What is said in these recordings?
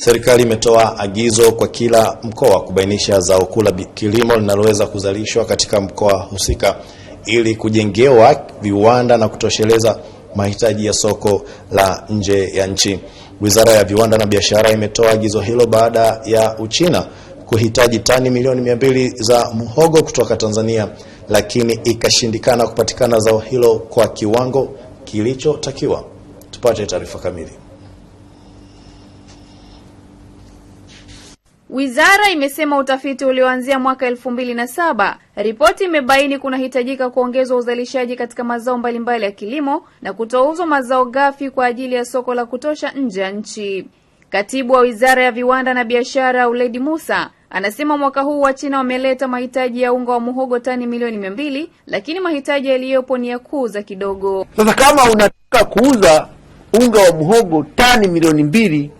Serikali imetoa agizo kwa kila mkoa kubainisha zao kuu la kilimo linaloweza kuzalishwa katika mkoa husika ili kujengewa viwanda na kutosheleza mahitaji ya soko la nje ya nchi. Wizara ya Viwanda na Biashara imetoa agizo hilo baada ya Uchina kuhitaji tani milioni mia mbili za mhogo kutoka Tanzania, lakini ikashindikana kupatikana zao hilo kwa kiwango kilichotakiwa. Tupate taarifa kamili. Wizara imesema utafiti ulioanzia mwaka elfu mbili na saba, ripoti imebaini kunahitajika kuongezwa uzalishaji katika mazao mbalimbali ya kilimo na kutouzwa mazao ghafi kwa ajili ya soko la kutosha nje ya nchi. Katibu wa Wizara ya Viwanda na Biashara Uledi Musa anasema mwaka huu wa china wameleta mahitaji ya unga wa muhogo tani milioni mia mbili, lakini mahitaji yaliyopo ni ya kuuza kidogo. Sasa kama unataka kuuza unga wa muhogo tani milioni mbili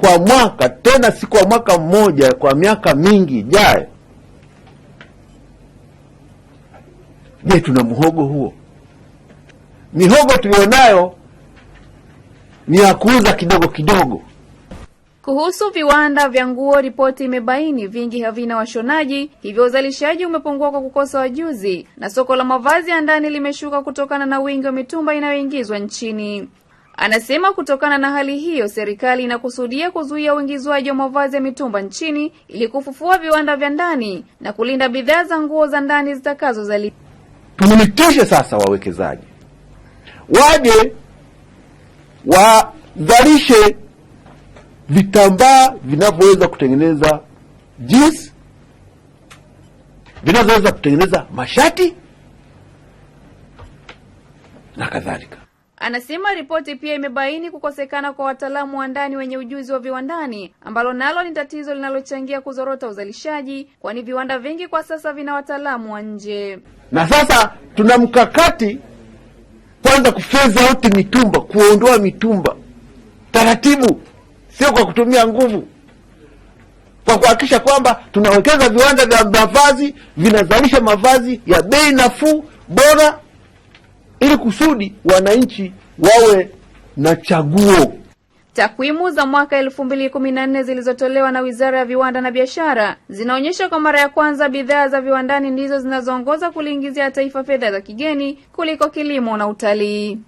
kwa mwaka, tena si kwa mwaka mmoja, kwa miaka mingi ijayo. Je, tuna mhogo huo? Mihogo tuliyonayo ni ya kuuza kidogo kidogo. Kuhusu viwanda vya nguo, ripoti imebaini vingi havina washonaji, hivyo uzalishaji umepungua kwa kukosa wajuzi, na soko la mavazi ya ndani limeshuka kutokana na wingi wa mitumba inayoingizwa nchini. Anasema kutokana na hali hiyo, serikali inakusudia kuzuia uingizwaji wa mavazi ya mitumba nchini ili kufufua viwanda vya ndani na kulinda bidhaa za nguo za ndani zitakazozalishwa. Tumwitishe sasa wawekezaji waje wazalishe vitambaa vinavyoweza kutengeneza jeans, vinavyoweza kutengeneza mashati na kadhalika. Anasema ripoti pia imebaini kukosekana kwa wataalamu wa ndani wenye ujuzi wa viwandani, ambalo nalo ni tatizo linalochangia kuzorota uzalishaji, kwani viwanda vingi kwa sasa vina wataalamu wa nje. Na sasa tuna mkakati kwanza, kufeza uti mitumba, kuondoa mitumba taratibu, sio kwa kutumia nguvu, kwa kuhakikisha kwamba tunawekeza viwanda vya mavazi vinazalisha mavazi ya bei nafuu bora ili kusudi wananchi wawe na chaguo. Takwimu za mwaka 2014 zilizotolewa na Wizara ya Viwanda na Biashara zinaonyesha kwa mara ya kwanza bidhaa za viwandani ndizo zinazoongoza kuliingizia taifa fedha za kigeni kuliko kilimo na utalii.